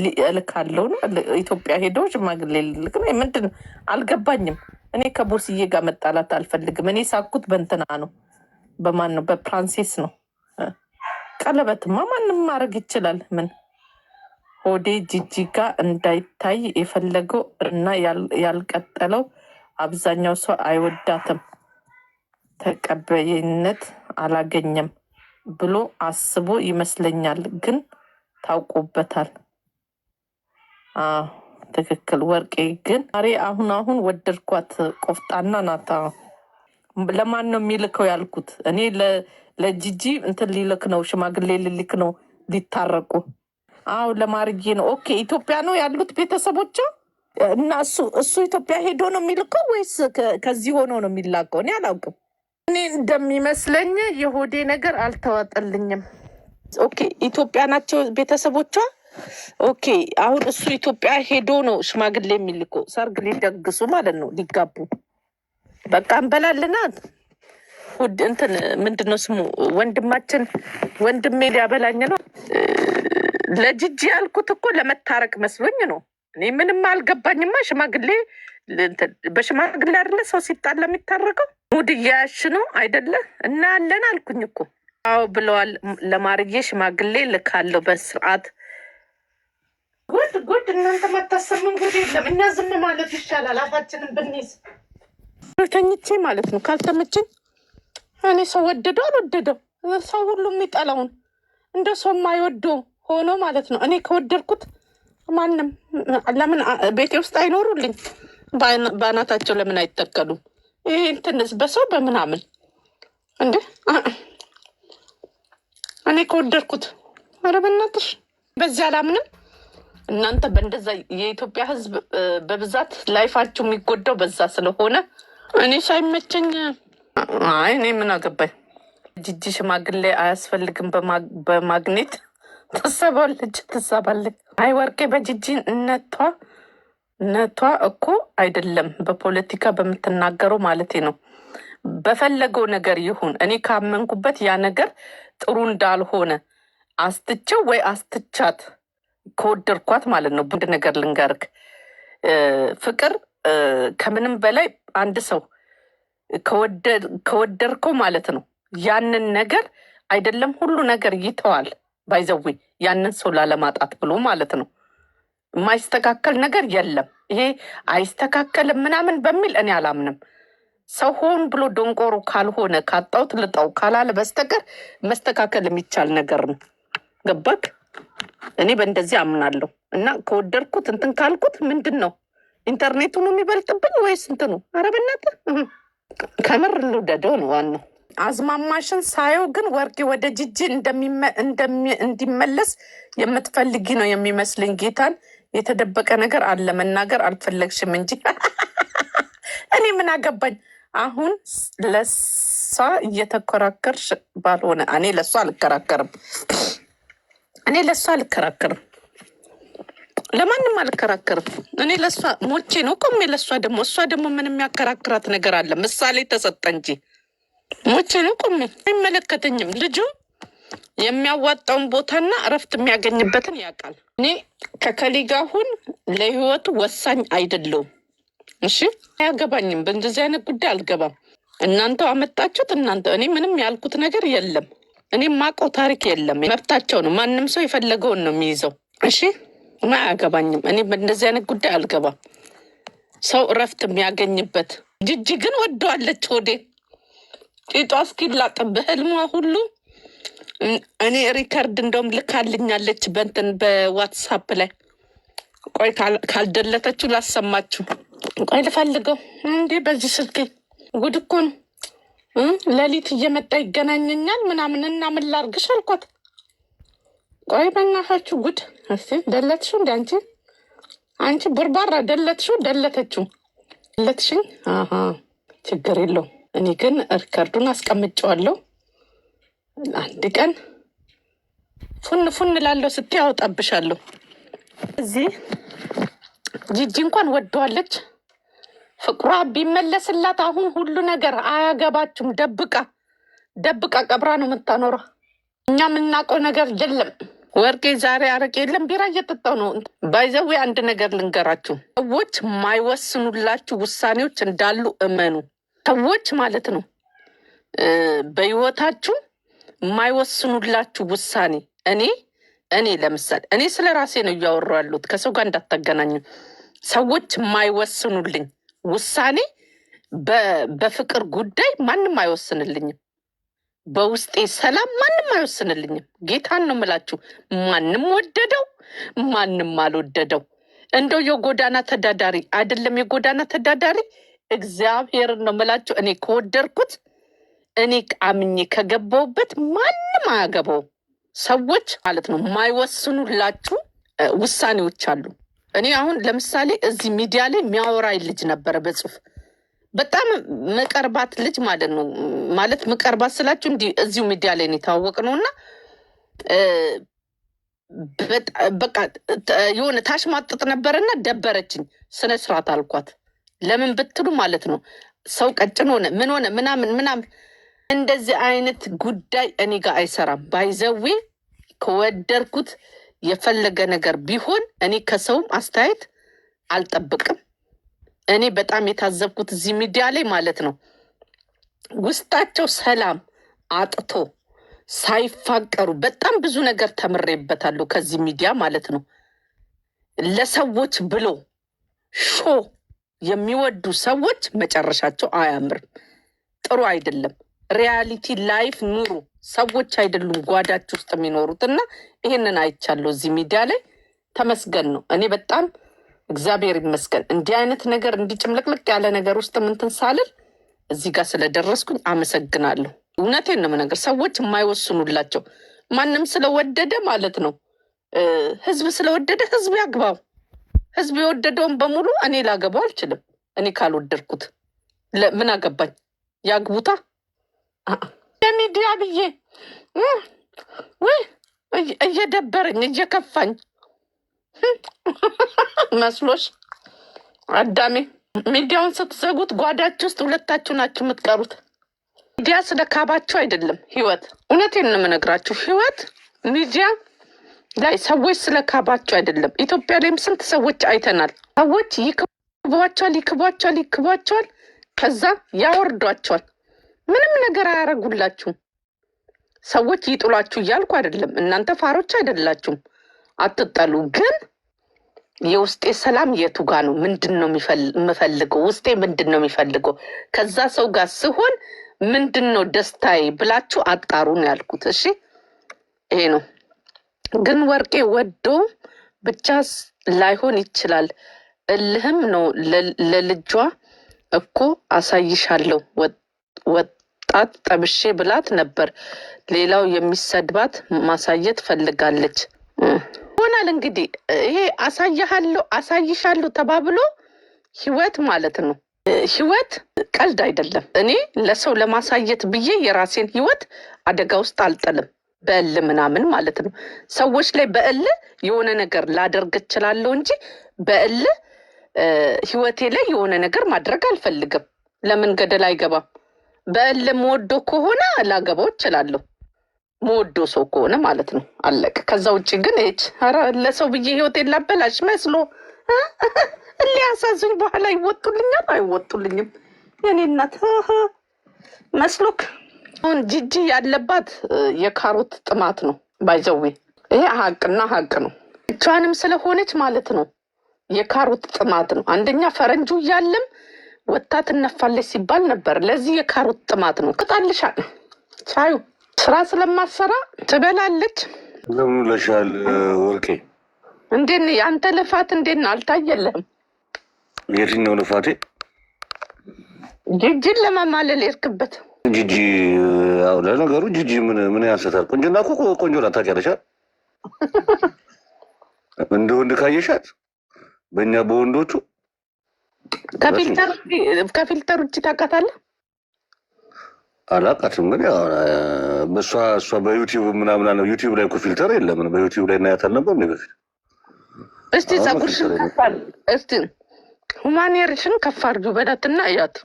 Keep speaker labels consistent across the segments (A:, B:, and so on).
A: እልካለሁ ነው ኢትዮጵያ ሄደው ሽማግሌ ልልክ ነው። ምንድን አልገባኝም። እኔ ከቦስዬ ጋር መጣላት አልፈልግም። እኔ ሳኩት በእንትና ነው በማን ነው በፕራንሴስ ነው። ቀለበትማ ማንም ማድረግ ይችላል። ምን ሆዴ ጅጅጋ እንዳይታይ የፈለገው እና ያልቀጠለው አብዛኛው ሰው አይወዳትም፣ ተቀባይነት አላገኘም ብሎ አስቦ ይመስለኛል። ግን ታውቆበታል ትክክል። ወርቄ ግን ዛሬ አሁን አሁን ወደድኳት። ቆፍጣና ናታ። ለማን ነው የሚልከው ያልኩት እኔ ለጂጂ እንትን ሊልክ ነው፣ ሽማግሌ ሊልክ ነው ሊታረቁ። አዎ ለማርጌ ነው። ኦኬ ኢትዮጵያ ነው ያሉት ቤተሰቦቿ እና እሱ እሱ ኢትዮጵያ ሄዶ ነው የሚልከው ወይስ ከዚህ ሆኖ ነው የሚላከው? እኔ አላውቅም። እኔ እንደሚመስለኝ የሆዴ ነገር አልተዋጠልኝም። ኦኬ ኢትዮጵያ ናቸው ቤተሰቦቿ። ኦኬ አሁን እሱ ኢትዮጵያ ሄዶ ነው ሽማግሌ የሚልኮ ሰርግ ሊደግሱ ማለት ነው ሊጋቡ በቃ እንበላልናት ውድ እንትን ምንድነው ስሙ ወንድማችን ወንድሜ ሊያበላኝ ነው ለጅጅ ያልኩት እኮ ለመታረቅ መስሎኝ ነው እኔ ምንም አልገባኝማ ሽማግሌ በሽማግሌ አይደለ ሰው ሲጣል ለሚታረቀው ሙድ እያያሽ ነው አይደለ ያለን አልኩኝ እኮ አዎ ብለዋል ለማርዬ ሽማግሌ ልካለሁ በስርዓት ጉድ ጉድ! እናንተ ማታሰሙን ጉድ የለም። እኛ ዝም ማለት ይሻላል፣ አፋችንን ብንይዝ። ተኝቼ ማለት ነው ካልተመችኝ። እኔ ሰው ወደደው አልወደደው ሰው ሁሉ የሚጠላውን እንደ ሰው የማይወደው ሆኖ ማለት ነው። እኔ ከወደድኩት ማንም ለምን ቤቴ ውስጥ አይኖሩልኝ? በአናታቸው ለምን አይተከሉም? ይህ እንትንስ በሰው በምናምን እንደ እኔ ከወደድኩት ኧረ በእናትሽ በዚያ አላምንም። እናንተ በእንደዛ የኢትዮጵያ ህዝብ በብዛት ላይፋችሁ የሚጎዳው በዛ ስለሆነ እኔ ሳይመቸኝ አይ እኔ ምን አገባኝ። ጅጅ ሽማግሌ አያስፈልግም። በማግኔት ትሰባለች ትሰባለች። አይ ወርቄ በጅጂ ነቷ ነቷ እኮ አይደለም በፖለቲካ በምትናገረው ማለት ነው። በፈለገው ነገር ይሁን እኔ ካመንኩበት ያ ነገር ጥሩ እንዳልሆነ አስትቸው ወይ አስትቻት ከወደድኳት ማለት ነው። አንድ ነገር ልንገርክ ፍቅር ከምንም በላይ አንድ ሰው ከወደድከው ማለት ነው ያንን ነገር አይደለም ሁሉ ነገር ይተዋል። ባይዘዊ ያንን ሰው ላለማጣት ብሎ ማለት ነው። የማይስተካከል ነገር የለም። ይሄ አይስተካከልም ምናምን በሚል እኔ አላምንም። ሰው ሆን ብሎ ደንቆሮ ካልሆነ ካጣውት ልጣው ካላለ በስተቀር መስተካከል የሚቻል ነገር ነው። ገባክ? እኔ በእንደዚህ አምናለሁ እና ከወደድኩት እንትን ካልኩት ምንድን ነው ኢንተርኔቱ ነው የሚበልጥብኝ ወይስ እንትኑ? ኧረ በእናትህ ከምር ልውደደው ነው ዋናው። አዝማማሽን ሳየው ግን ወርቂ ወደ ጅጅ እንዲመለስ የምትፈልጊ ነው የሚመስልኝ። ጌታን የተደበቀ ነገር አለ መናገር አልፈለግሽም እንጂ እኔ ምን አገባኝ። አሁን ለሷ እየተከራከርሽ ባልሆነ እኔ ለሷ አልከራከርም። እኔ ለእሷ አልከራከርም፣ ለማንም አልከራከርም። እኔ ለእሷ ሞቼ ነው እኮ ለእሷ ደግሞ እሷ ደግሞ ምን የሚያከራክራት ነገር አለ? ምሳሌ ተሰጠ እንጂ ሞቼ ነው እኮ አይመለከተኝም። ልጁ የሚያዋጣውን ቦታና እረፍት የሚያገኝበትን ያውቃል። እኔ ከከሊጋ ሁን ለህይወቱ ወሳኝ አይደለውም። እሺ አያገባኝም። በእንደዚህ አይነት ጉዳይ አልገባም። እናንተው አመጣችሁት እናንተ እኔ ምንም ያልኩት ነገር የለም። እኔ ማቆ ታሪክ የለም። መብታቸው ነው። ማንም ሰው የፈለገውን ነው የሚይዘው። እሺ አያገባኝም። እኔ እንደዚህ አይነት ጉዳይ አልገባም። ሰው እረፍት የሚያገኝበት ጅጅ ግን ወደዋለች። ወዴ ጢጧ እስኪላጥ በህልሟ ሁሉ እኔ ሪከርድ እንደውም ልካልኛለች በንትን በዋትሳፕ ላይ ቆይ ካልደለተችው ላሰማችሁ። ቆይ ልፈልገው እንዴ በዚህ ስልክ ጉድ እኮ ነው። ሌሊት እየመጣ ይገናኘኛል ምናምን እና ምን ላርግሽ አልኳት። ቆይ በእናታችሁ ጉድ እስ ደለትሽው እንዲ አንቺ አንቺ ቡርባራ ደለትሽው፣ ደለተችው፣ ደለትሽኝ። ችግር የለው እኔ ግን ሪከርዱን አስቀምጨዋለሁ። አንድ ቀን ፉን ፉን ላለው ስትይ አውጣብሻለሁ። እዚህ ጂጂ እንኳን ወደዋለች። ፍቅሯ ቢመለስላት አሁን ሁሉ ነገር አያገባችም። ደብቃ ደብቃ ቀብራ ነው የምታኖረ። እኛ የምናውቀው ነገር የለም። ወርቄ ዛሬ አረቄ የለም ቢራ እየጠጣው ነው። ባይዘዊ አንድ ነገር ልንገራችሁ፣ ሰዎች የማይወስኑላችሁ ውሳኔዎች እንዳሉ እመኑ። ሰዎች ማለት ነው በህይወታችሁ የማይወስኑላችሁ ውሳኔ። እኔ እኔ ለምሳሌ እኔ ስለ ራሴ ነው እያወሩ ያሉት ከሰው ጋር እንዳታገናኙ። ሰዎች የማይወስኑልኝ ውሳኔ በፍቅር ጉዳይ ማንም አይወስንልኝም። በውስጤ ሰላም ማንም አይወስንልኝም። ጌታን ነው የምላችሁ። ማንም ወደደው ማንም አልወደደው እንደው የጎዳና ተዳዳሪ አይደለም። የጎዳና ተዳዳሪ እግዚአብሔርን ነው ምላችሁ እኔ ከወደድኩት እኔ አምኜ ከገባውበት ማንም አያገባውም። ሰዎች ማለት ነው የማይወስኑላችሁ ውሳኔዎች አሉ። እኔ አሁን ለምሳሌ እዚህ ሚዲያ ላይ የሚያወራኝ ልጅ ነበረ በጽሁፍ በጣም መቀርባት ልጅ ማለት ነው። ማለት መቀርባት ስላችሁ እንዲህ እዚሁ ሚዲያ ላይ ነው ነው እና በቃ የሆነ ታሽማጥጥ ነበረና ደበረችኝ። ስነ ስርዓት አልኳት። ለምን ብትሉ ማለት ነው ሰው ቀጭን ሆነ ምን ሆነ ምናምን ምናምን እንደዚህ አይነት ጉዳይ እኔ ጋር አይሰራም። ባይዘዌ ከወደድኩት የፈለገ ነገር ቢሆን እኔ ከሰውም አስተያየት አልጠብቅም። እኔ በጣም የታዘብኩት እዚህ ሚዲያ ላይ ማለት ነው ውስጣቸው ሰላም አጥቶ ሳይፋቀሩ በጣም ብዙ ነገር ተምሬበታለሁ ከዚህ ሚዲያ ማለት ነው። ለሰዎች ብሎ ሾ የሚወዱ ሰዎች መጨረሻቸው አያምርም፣ ጥሩ አይደለም። ሪያሊቲ ላይፍ ኑሩ። ሰዎች አይደሉም ጓዳች ውስጥ የሚኖሩት እና ይህንን አይቻለሁ እዚህ ሚዲያ ላይ ተመስገን ነው። እኔ በጣም እግዚአብሔር ይመስገን እንዲህ አይነት ነገር እንዲህ ጭምልቅልቅ ያለ ነገር ውስጥ ምንትን ሳልል እዚህ ጋር ስለደረስኩኝ አመሰግናለሁ። እውነቴን ነው ነገር ሰዎች የማይወስኑላቸው ማንም ስለወደደ ማለት ነው። ህዝብ ስለወደደ ህዝብ ያግባው። ህዝብ የወደደውን በሙሉ እኔ ላገባው አልችልም። እኔ ካልወደድኩት ምን አገባኝ? ያግቡታ የሚዲያ ብዬ ውይ እየደበረኝ እየከፋኝ መስሎሽ አዳሜ ሚዲያውን ስትዘጉት ጓዳች ውስጥ ሁለታችሁ ናችሁ የምትቀሩት። ሚዲያ ስለ ካባችሁ አይደለም ህይወት። እውነቴን ነው የምነግራችሁ። ህይወት ሚዲያ ላይ ሰዎች ስለ ካባችሁ አይደለም። ኢትዮጵያ ላይም ስንት ሰዎች አይተናል። ሰዎች ይክቧቸዋል፣ ይክቧቸዋል፣ ይክቧቸዋል፣ ከዛ ያወርዷቸዋል። ምንም ነገር አያረጉላችሁም። ሰዎች ይጥሏችሁ እያልኩ አይደለም። እናንተ ፋሮች አይደላችሁም፣ አትጠሉ። ግን የውስጤ ሰላም የቱ ጋ ነው? ምንድን ነው የምፈልገው? ውስጤ ምንድን ነው የሚፈልገው? ከዛ ሰው ጋር ስሆን ምንድን ነው ደስታዬ ብላችሁ አጣሩ ነው ያልኩት። እሺ ይሄ ነው። ግን ወርቄ ወዶ ብቻ ላይሆን ይችላል። እልህም ነው ለልጇ እኮ አሳይሻለሁ ወጥ ጣት ጠብሼ ብላት ነበር። ሌላው የሚሰድባት ማሳየት ፈልጋለች ይሆናል እንግዲህ ይሄ አሳይሃለሁ አሳይሻለሁ ተባብሎ ህይወት ማለት ነው። ህይወት ቀልድ አይደለም። እኔ ለሰው ለማሳየት ብዬ የራሴን ህይወት አደጋ ውስጥ አልጥልም። በእል ምናምን ማለት ነው። ሰዎች ላይ በእል የሆነ ነገር ላደርግ እችላለሁ እንጂ በእል ህይወቴ ላይ የሆነ ነገር ማድረግ አልፈልግም። ለምን ገደል አይገባም? በእል መወዶ ከሆነ ላገባው እችላለሁ። መወዶ ሰው ከሆነ ማለት ነው። አለቀ። ከዛ ውጭ ግን ች ለሰው ብዬ ህይወት የላበላሽ መስሎ ሊያሳዝኝ በኋላ ይወጡልኛል አይወጡልኝም። የኔ እናት መስሎክ አሁን ጂጂ ያለባት የካሮት ጥማት ነው ባይዘዌ ይሄ ሀቅና ሀቅ ነው። እቿንም ስለሆነች ማለት ነው የካሮት ጥማት ነው። አንደኛ ፈረንጁ እያለም ወጥታ ትነፋለች ሲባል ነበር። ለዚህ የካሮት ጥማት ነው። ቅጣልሻል። ቻዩ ስራ ስለማሰራ ትበላለች። ለሻል ወርቄ፣ እንዴት የአንተ ልፋት እንዴት ነው? አልታየለህም? የትኛው ልፋቴ? ጅጅን ለማማለል የርክበት ጂጂ ለነገሩ ጂጂ ምን ምን ያንሰታል? ቆንጆና እኮ ቆንጆ ናት። እንደ ወንድ ካየሻት በእኛ በወንዶቹ ከፊልተር ውጭ ታውቃታለህ? አላውቃትም፣ ግን እሷ እሷ በዩቲዩብ ምናምን ነው። ዩቲዩብ ላይ እኮ ፊልተር የለም። በዩቲዩብ ላይ እናያት አልነበር እኔ በፊት። እስቲ ጸጉርሽን እስቲ ሁማኔርሽን ከፍ አድርጊው በዳትና እያት።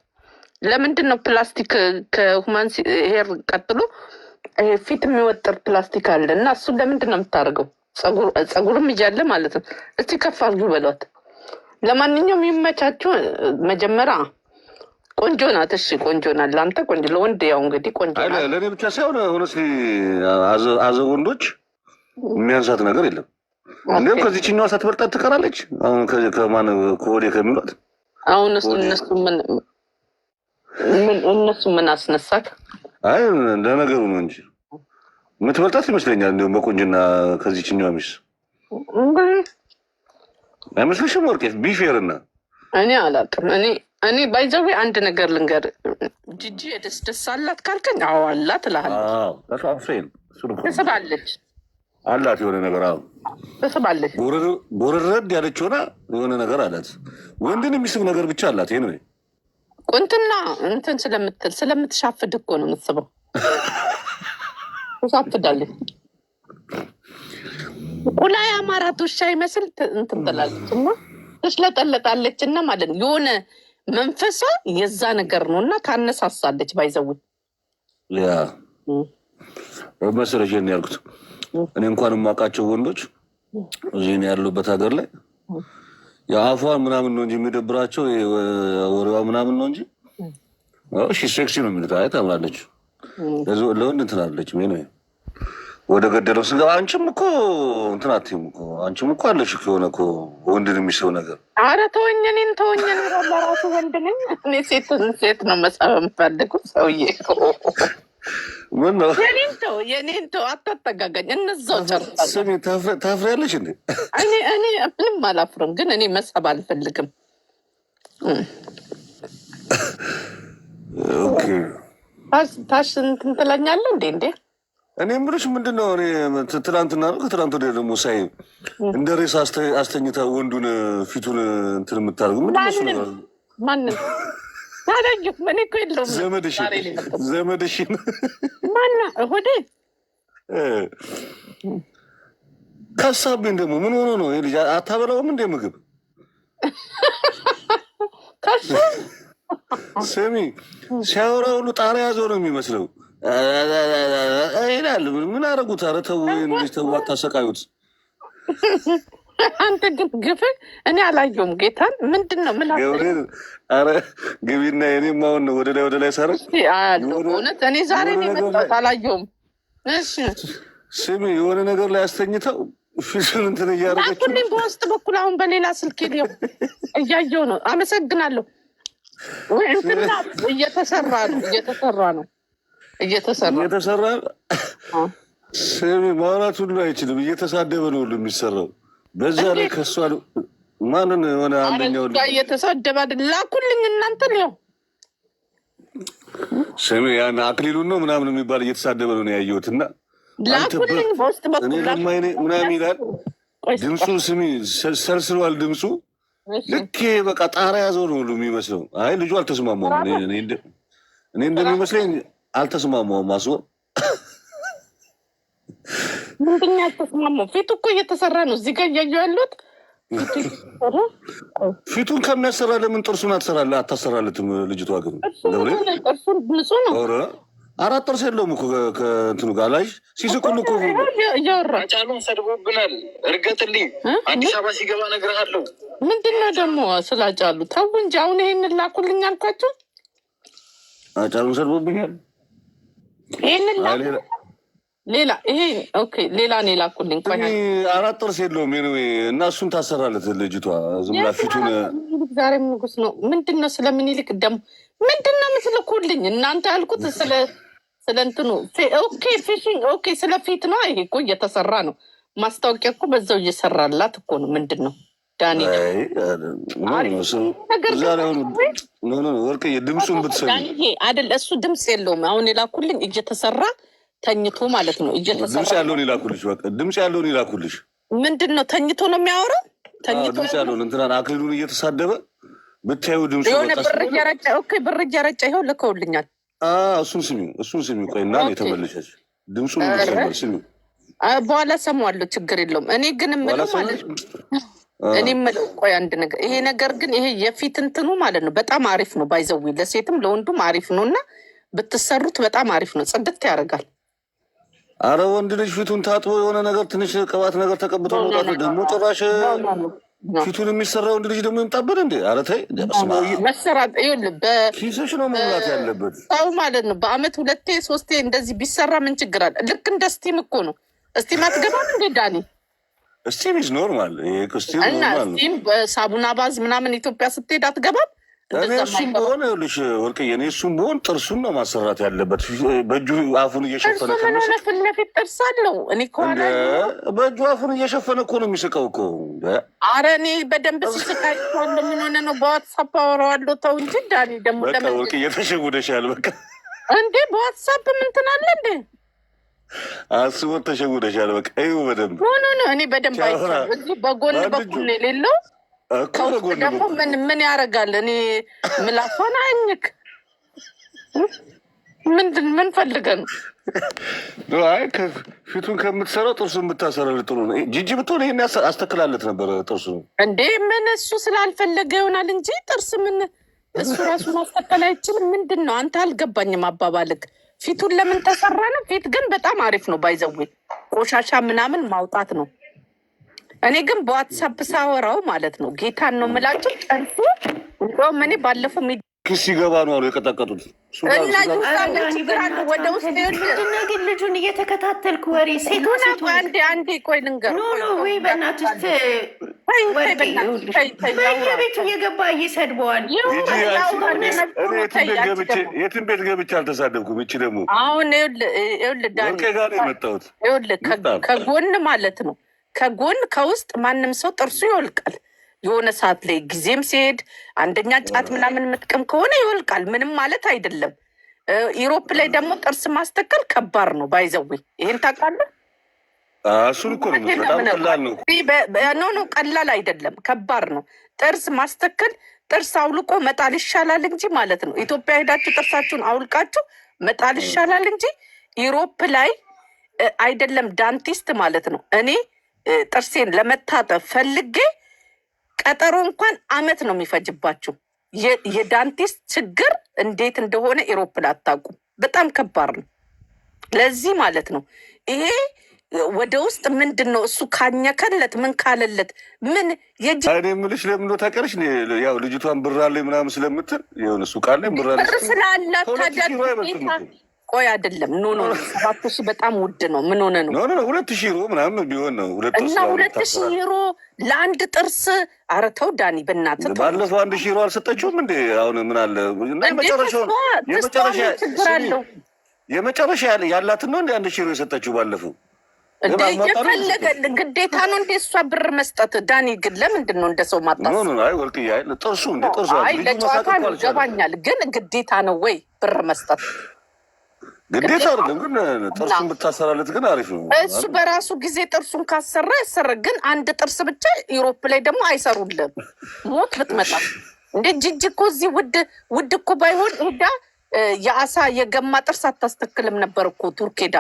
A: ለምንድን ነው ፕላስቲክ ከሁማን ሄር ቀጥሎ ፊት የሚወጥር ፕላስቲክ አለ እና እሱን ለምንድን ነው የምታደርገው? ጸጉርም እያለ ማለት ነው። እስቲ ከፍ አድርጊው በሏት። ለማንኛውም የሚመቻቸው መጀመሪያ ቆንጆ ናት። እሺ ቆንጆ ናት። ለአንተ ቆንጆ ለወንድ ያው እንግዲህ ቆንጆ ለእኔ ብቻ ሳይሆን ሆነ አዘ ወንዶች የሚያንሳት ነገር የለም። እንዲሁም ከዚህ ችኛዋ ሳትበልጣት ትቀራለች። አሁን ከማን ከወዴ ከሚሏት አሁን እነሱ ምን እነሱ ምን አስነሳት? አይ ለነገሩ ነው እንጂ የምትበልጣት ይመስለኛል። እንዲሁም በቆንጅና ከዚህ ችኛዋ ሚስ አይመስልሽም? ወርቄት ቢፌርና እኔ አላቅም። እኔ እኔ ባይዘዌ አንድ ነገር ልንገር፣ ጂጂ የደስ ደስ አላት ካልከኝ አዎ አላት እልሃለሁ። ትስባለች፣ አላት የሆነ ነገር አዎ ትስባለች። ጎረረድ ያለች ሆና የሆነ ነገር አላት። ወንድን የሚስብ ነገር ብቻ አላት። ይህን ቁንትና እንትን ስለምትል ስለምትሻፍድ እኮ ነው የምትስበው፣ ሳፍዳለች ቁላይ አማራት ውሻ ይመስል እንትን ትላለች እና ትሽለጠለጣለች እና ማለት ነው የሆነ መንፈሷ የዛ ነገር ነው እና ካነሳሳለች ባይዘው መሰረሽ ያልኩት እኔ እንኳን የማውቃቸው ወንዶች እዚህ ያሉበት ሀገር ላይ የአፏ ምናምን ነው እንጂ የሚደብራቸው ወሬዋ ምናምን ነው እንጂ ሴክሲ ነው የሚሉት። አይ ታምራለች፣ ለወንድ እንትናለች ወይ ነው ወደ ገደለው ስገባ አንቺም እኮ እንትን አትይም እኮ አንቺም እኮ አለሽ የሆነ እኮ ወንድን የሚስብ ነገር። አረ ተወኝ፣ እኔን ተወኝ። ለራሱ ወንድ ነኝ እኔ ሴትን ሴት ነው መሳብ የምፈልገው ሰውዬ። ምን ነው የኔን ተው፣ የኔን ተው፣ አታጠጋጋኝ። እነዛው ጨርሳለሁ። ታፍሪያለሽ እንዴ? እኔ እኔ ምንም አላፍርም፣ ግን እኔ መሳብ አልፈልግም። ታሽ እንትን ትለኛለህ እንዴ እንዴ እኔ የምልሽ ምንድን ነው እኔ ትናንትና ነው ከትናንት ወዲያ ደግሞ ሳይ እንደ ሬስ አስተኝታ ወንዱን ፊቱን እንትን የምታደርጉ ምንድነው? ታደጊ ምን እኮ የለውም ዘመድሽን ዘመድሽን ማና ሆዴ ከሳብኝ ደግሞ ምን ሆኖ ነው ይሄ ልጅ አታበላውም እንደ ምግብ ስሚ ሲያወራ ሁሉ ጣሪያ ያዘው ነው የሚመስለው ይላል። ምን አረጉት? ኧረ ተው ልጅ ተው፣ አታሰቃዩት። አንተ ግን ግፍ እኔ አላየሁም። ጌታን ምንድን ነው ምን ገብርኤል? ኧረ ግቢና የኔም አሁን ወደ ላይ ወደ ላይ ሰረ እውነት እኔ ዛሬ ነው የመጣሁት፣ አላየሁም። ስሚ፣ የሆነ ነገር ላይ አስተኝተው ፊቱን እንትን እያደረገች በውስጥ በኩል አሁን በሌላ ስልክ ሊው እያየው ነው። አመሰግናለሁ። እንትና እየተሰራ ነው እየተሰራ ነው እየተሰራ እየተሰራ ስሚ ማውራት ሁሉ አይችልም። እየተሳደበ ነው ሁሉ የሚሰራው። በዛ ላይ ከሷ ማንን የሆነ አንደኛው እየተሳደበ አይደል? ላኩልኝ እናንተ ነው ስሚ ያን አክሊሉን ነው ምናምን የሚባል እየተሳደበ ነው ያየሁት። እና ላኩልኝ ምናምን ይላል ድምፁ። ስሚ ሰርስሯል ድምፁ። ልክ በቃ ጣራ ያዘው ነው ሁሉ የሚመስለው። አይ ልጁ አልተስማማም። እኔ እንደሚመስለኝ አልተስማማውም። አስቦ ምንድን ነው ያልተስማማው? ፊቱ እኮ እየተሰራ ነው። እዚህ ጋር እያዩ ያሉት ፊቱን ከሚያሰራ ለምን ጥርሱን አትሰራለ አታሰራለትም? ልጅቷ ግን ጥርሱን ንጹህ ነው። አራት ጥርስ የለውም እኮ ከእንትኑ ጋር ላይ ሲስቁን እኮ ጫሉን ሰድቦብናል። እርገጥልኝ አዲስ አበባ ሲገባ እነግርሃለሁ። ምንድን ነው ደግሞ ስላጫሉ ተው እንጂ አሁን ይሄን ላኩልኝ አልኳቸው። አጫሉን ሰድቦብኛል ይህንን ሌላ ይሄ ኦኬ፣ ሌላ አራት ጥርስ የለውም እና እሱን ታሰራለት ልጅቷ ዝም ብላ ፊቱን። ዛሬም ንጉስ ነው ምንድን ነው ስለምኒልክ ደግሞ ምንድን ነው የምትልኩልኝ እናንተ? ያልኩት ስለ እንትኑ ኦኬ፣ ፊሽንግ ኦኬ፣ ስለ ፊት ነው። ይሄ እኮ እየተሰራ ነው ማስታወቂያ እኮ በዛው እየሰራላት እኮ ነው። ምንድን ነው ወርቅዬ ድምፁን ብትሰሚ እሱ ድምፅ የለውም። አሁን የላኩልኝ እየተሰራ ተኝቶ ማለት ነው። ድምፅ ያለውን ይላኩልሽ። ድምፅ ያለውን ይላኩልሽ። ምንድን ነው ተኝቶ ነው የሚያወራው? ድምፅ ያለውን እንትናን አክሊሉን እየተሳደበ ብታዩ ድምፅ ብር እየረጨ ብር እየረጨ ይኸው ልከውልኛል። እሱን ስሚው፣ እሱን ስሚው። ቆይ እና የተመለሰች ድምፁን ስሚው። በኋላ ሰማዋለሁ። ችግር የለውም። እኔ ግን ምለው ማለት ነው እኔ የምለው አንድ ነገር ይሄ ነገር ግን ይሄ የፊት እንትኑ ማለት ነው በጣም አሪፍ ነው። ባይዘዊ ለሴትም ለወንዱም አሪፍ ነው እና ብትሰሩት በጣም አሪፍ ነው፣ ጽድት ያደርጋል። አረ ወንድ ልጅ ፊቱን ታጥቦ የሆነ ነገር ትንሽ ቅባት ነገር ተቀብቶ መውጣት ደግሞ ጭራሽ ፊቱን የሚሰራ ወንድ ልጅ ደግሞ ይምጣበት እንዴ! አረ ተይ መሰራት ኪሶች ነው መሙላት ያለበት ሰው ማለት ነው። በአመት ሁለቴ ሶስቴ እንደዚህ ቢሰራ ምን ችግር አለ? ልክ እንደ ስቲም እኮ ነው። ስቲም አትገባም እንዴ ዳኔ? እስቲም ኢዝ ኖርማል ስቲም እስቲም ሳቡና ባዝ ምናምን ኢትዮጵያ ስትሄድ አትገባም። እኔ እሱም በሆነ ልሽ ወርቅዬ እኔ እሱም በሆን ጥርሱን ነው ማሰራት ያለበት። በእጁ አፉን እየሸፈነ ሆነ ፊት ለፊት ጥርስ አለው። እኔ ከሆነ በእጁ አፉን እየሸፈነ እኮ ነው የሚስቀው እኮ። አረ እኔ በደንብ ሲስቃይ ምን ሆነ ነው በዋትሳፕ አወራዋለሁ። ተው እንጂ ዳኒ ደግሞ ወርቅዬ ተሸጉደሻል። በቃ እንዴ በዋትሳፕ ምንትን አለ እንዴ አስቦት ተሸጉደሻል። በቃ ይሁ በደንብ ሆኖ ነው። እኔ በደንብ አይቻለሁ። እዚህ በጎን በኩል የሌለው ከውስጥ ደግሞ ምን ምን ያደርጋል? እኔ ምላሷን አኝክ ምንድን ምን ፈልገን አይ ፊቱን ከምትሰራው ጥርሱ የምታሰረል ጥሩ ነው። ጅጅ ብትሆን ይሄን አስተክላለት ነበረ ጥርሱ እንዴ። ምን እሱ ስላልፈለገ ይሆናል እንጂ ጥርስ ምን እሱ ራሱ ማስተከል አይችልም። ምንድን ነው አንተ አልገባኝም አባባልክ ፊቱን ለምን ተሰራ ነው? ፊት ግን በጣም አሪፍ ነው። ባይዘዌ ቆሻሻ ምናምን ማውጣት ነው። እኔ ግን በዋትሳፕ ሳወራው ማለት ነው ጌታን ነው የምላቸው። ጨርሶ እንደውም እኔ ባለፈው ክስ ይገባ ነው አሉ የቀጠቀጡት። ምንድነው ግን ልጁን እየተከታተልክ ወሬ ሴቶሴቶአንዴ ቆይ ልንገር ወይ በእናትህ በየቤቱ እየገባ እየሰድበዋል። የትን ቤት ገብቼ አልተሳደብኩም። እቺ ደግሞ አሁን ይኸውልህ ከጎን ማለት ነው ከጎን ከውስጥ ማንም ሰው ጥርሱ ይወልቃል። የሆነ ሰዓት ላይ ጊዜም ሲሄድ አንደኛ ጫት ምናምን ምጥቅም ከሆነ ይወልቃል። ምንም ማለት አይደለም። ኢሮፕ ላይ ደግሞ ጥርስ ማስተከል ከባድ ነው። ባይዘዌ ይህን ታውቃለህ? እሱን እኮ ቀላል ኖ ኖ ቀላል አይደለም፣ ከባድ ነው። ጥርስ ማስተከል ጥርስ አውልቆ መጣል ይሻላል እንጂ ማለት ነው። ኢትዮጵያ ሄዳችሁ ጥርሳችሁን አውልቃችሁ መጣል ይሻላል እንጂ ኢሮፕ ላይ አይደለም ዳንቲስት ማለት ነው። እኔ ጥርሴን ለመታጠብ ፈልጌ ቀጠሮ እንኳን አመት ነው የሚፈጅባችሁ። የዳንቲስ ችግር እንዴት እንደሆነ ኢሮፕ ላታውቁም። በጣም ከባድ ነው። ለዚህ ማለት ነው ይሄ ወደ ውስጥ ምንድን ነው እሱ ካኘከለት ምን ካለለት ምን የእኔ የምልሽ ለምንድን ነው ያው ልጅቷን ብር ምናምን ስለምትል ሆን እሱ ቃለ ላይ ብር ስላላት ቆይ አይደለም፣ ኖ ኖ ሰባት ሺህ በጣም ውድ ነው። ምን ሆነ ነው? ኖ ኖ ሁለት ሺህ ዩሮ ምናምን ቢሆን ነው እና ሁለት ሺህ ዩሮ ለአንድ ጥርስ። አረተው ዳኒ በእናት ባለፈው አንድ ሺህ ዩሮ አልሰጠችውም እንዴ? አሁን ምን አለ የመጨረሻ ያላትን ነው እንደ አንድ ሺህ ዩሮ የሰጠችው ባለፈው የፈለገልን ግዴታ ነው እንደ እሷ ብር መስጠት። ዳኒ ግን ለምንድን ነው እንደ ሰው ማጣት? ጥርሱ ጥርሱ ይገባኛል፣ ግን ግዴታ ነው ወይ ብር መስጠት? ግዴታ አይደለም ግን ጥርሱን ብታሰራለት ግን አሪፍ ነው። እሱ በራሱ ጊዜ ጥርሱን ካሰራ ያሰራ። ግን አንድ ጥርስ ብቻ ዩሮፕ ላይ ደግሞ አይሰሩልም። ሞት ብትመጣ እንደ ጅጅ እኮ እዚህ ውድ ውድ እኮ ባይሆን ሄዳ የአሳ የገማ ጥርስ አታስተክልም ነበር እኮ ቱርክ ሄዳ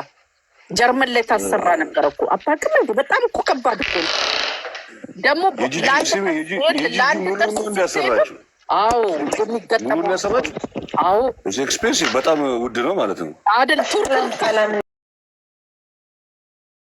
A: ጀርመን ላይ ታሰራ ነበር እኮ አታውቅም። እንደ በጣም እኮ ከባድ እኮ ነው ደግሞ ለአንድ ጥርስ አዎ የሚገጠሙ ሰዎች አዎ፣ ኤክስፔንሲቭ በጣም ውድ ነው ማለት ነው አይደል? ቱር